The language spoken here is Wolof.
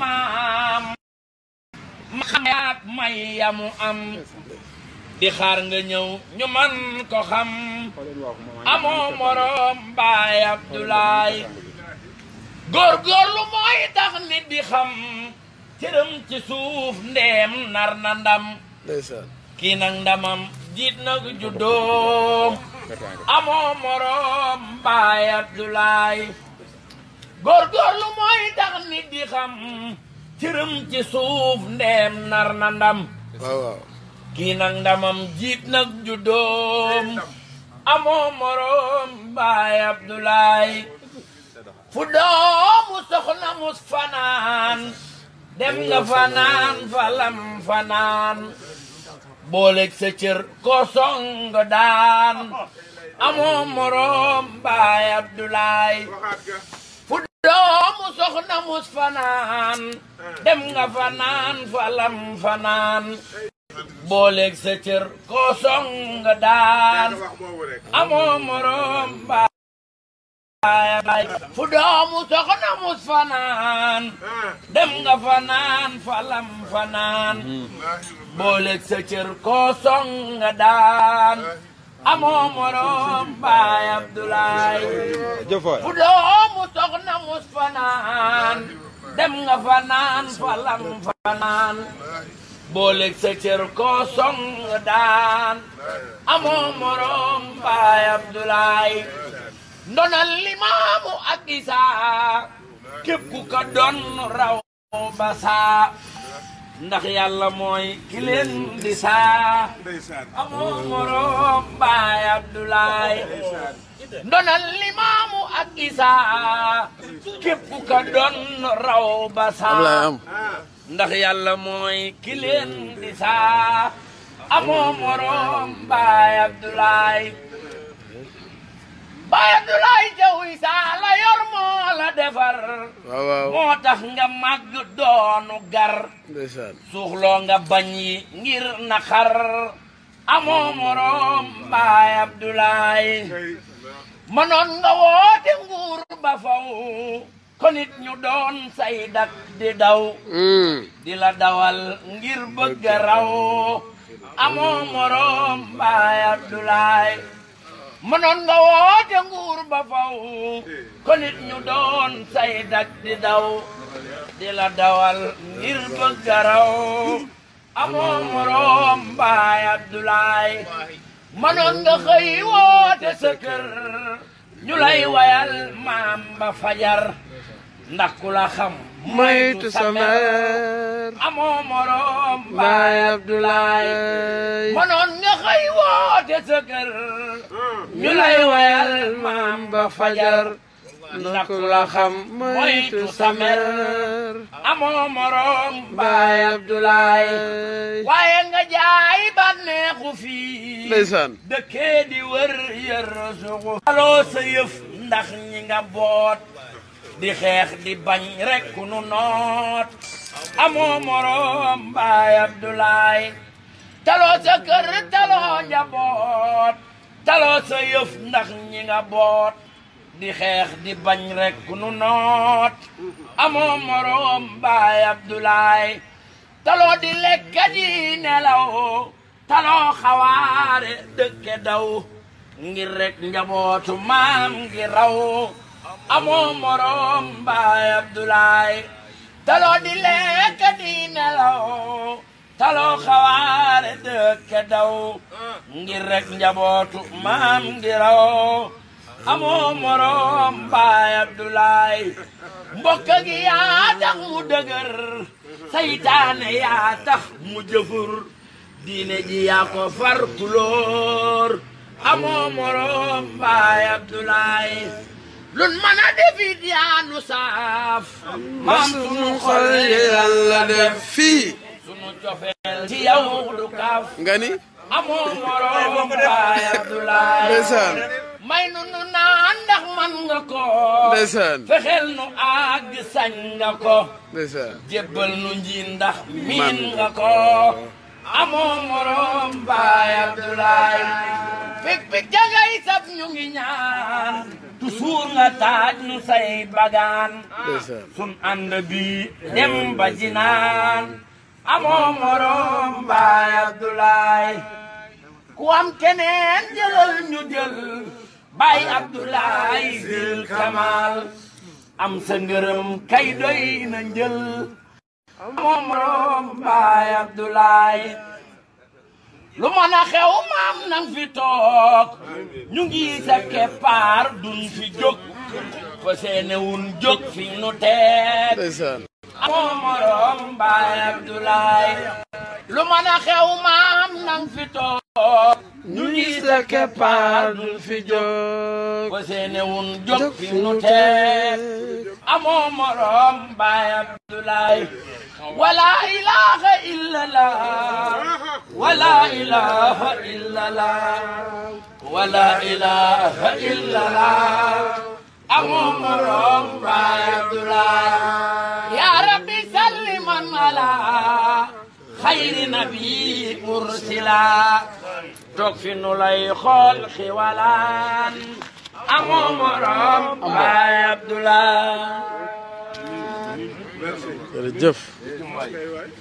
maam ma xam yaag am di xaar nga ñëw ñu ko xam amoo moroom baay Abdulaay góorgóorlu mooy tax nit di xam cërëm ci suuf ndeem nar na ndam kii nag ndamam jiit nag juddoom amoo moroom baay Abdulaay góorgóorlu mooy tax nit di xam cërëm ci suuf ndeem nar na ndam kii nag ndamam jiit nag juddoom amoo moroom baay Abdoulaay fu doomu soxna mus fanaan dem nga fanaan falam fanaan booleeg sa cër ko song daan amoo moroom baay Abdoulaay doomu soxna mus fanaan dem eh. nga fanaan falam fanaan fu doomu soxna mus fanaan dem nga fanaan falam fanaan booleeg sa cër koo daan amoo moroom baay Abdoulaye mus fanaan dem nga fanaan falam fanaan booleeg sa cër koo daan amoo moroom baay Abdoulaay ndonal limaamu ak isaa képp doon raw basaa ndax yàlla mooy ki ah. di saa amoo moroom baay Abdoulaye ndonal limaamu ak isaa képp ka doon raw ba saa ndax yàlla mooy ki di saa amoo moroom baay Abdoulaye defar moo tax nga màgg doonu gar suhlo nga banyi ngir nakar, amo morom bay abdoulaay manon nga wote ngur konit nyudon ko nit di daw hmm. dawal ngir begarau amo morom bay baay mënoon nga woote nguur ba faw ko nit ñu doon say dak di daw di la dawal ngir bëgg a raw amoo moroom baay Abdoulaay mënoon nga xëy woote sa kër ñu lay wayal maam ba fajar ndax ku la xam. moytu sa mère amoo morom. Baay Baay hmm. Abdoulaye. waaye nga jaay bànneexu fii. ndeysaan. dëkkee di wër yër sugu. aloo di xeex di bañ rek ku nu noot amoo moroom baay Abdoulaye taloo sa kër taloo njaboot taloo sa yëf ndax ñi nga boot di xeex di bañ rek ku nu noot amoo moroom baay Abdoulaye taloo di lekka di nelaw taloo xawaare dëkke daw ngir rek njabootu maam ngi raw amoo morom baay Abdoulaye taloo di lekk di nelaw taloo xawaare dëkk daw ngir rek njabootu maam ngi raw amoo morom baay Abdoulaye mbokk yaa tax dëgër saytaane yaa tax mu jëfur diine ji yaa ko far kulóor amoo baay Abdoulaye lun mën a yaa nu saaf maam sunu xol yi yàlla def fii sunu cofeel ci yow du kaaf nga ni amoo moroom baay Abdoulaye nu nu naan ndax man nga ko fexeel nu àgg sañ nga ko jébbal nu njiin ndax miin nga ko amoo morom Baay Abdoulaye fik fik jangay saf ñu ngi nga taaj nu say bagaan sun ànd bi dem ba jinaan amoo morom Baay ku am keneen jëlal ñu jël Baay Abdoulaye zil kamal am sa kay doy na lu mën a xew maam nang fi toog ñu ngi sa keppaar duñ fi jóg fa seenewun jóg fi nu teeg lu mën a xew maam nang fi toog ñu gis la keppaar du fi jóg ba seene wun jóg fi nu tee amoo morom baay Abdoulaay wala ilaha illallah wala ilaha illallah wala ilaha illallah amoo morom baay Abdoulaay ya rabbi salli man ala xayri nabi mursila toog fi nu lay xool xiwalaan amoo morom baay Abdoulaye jërëjëf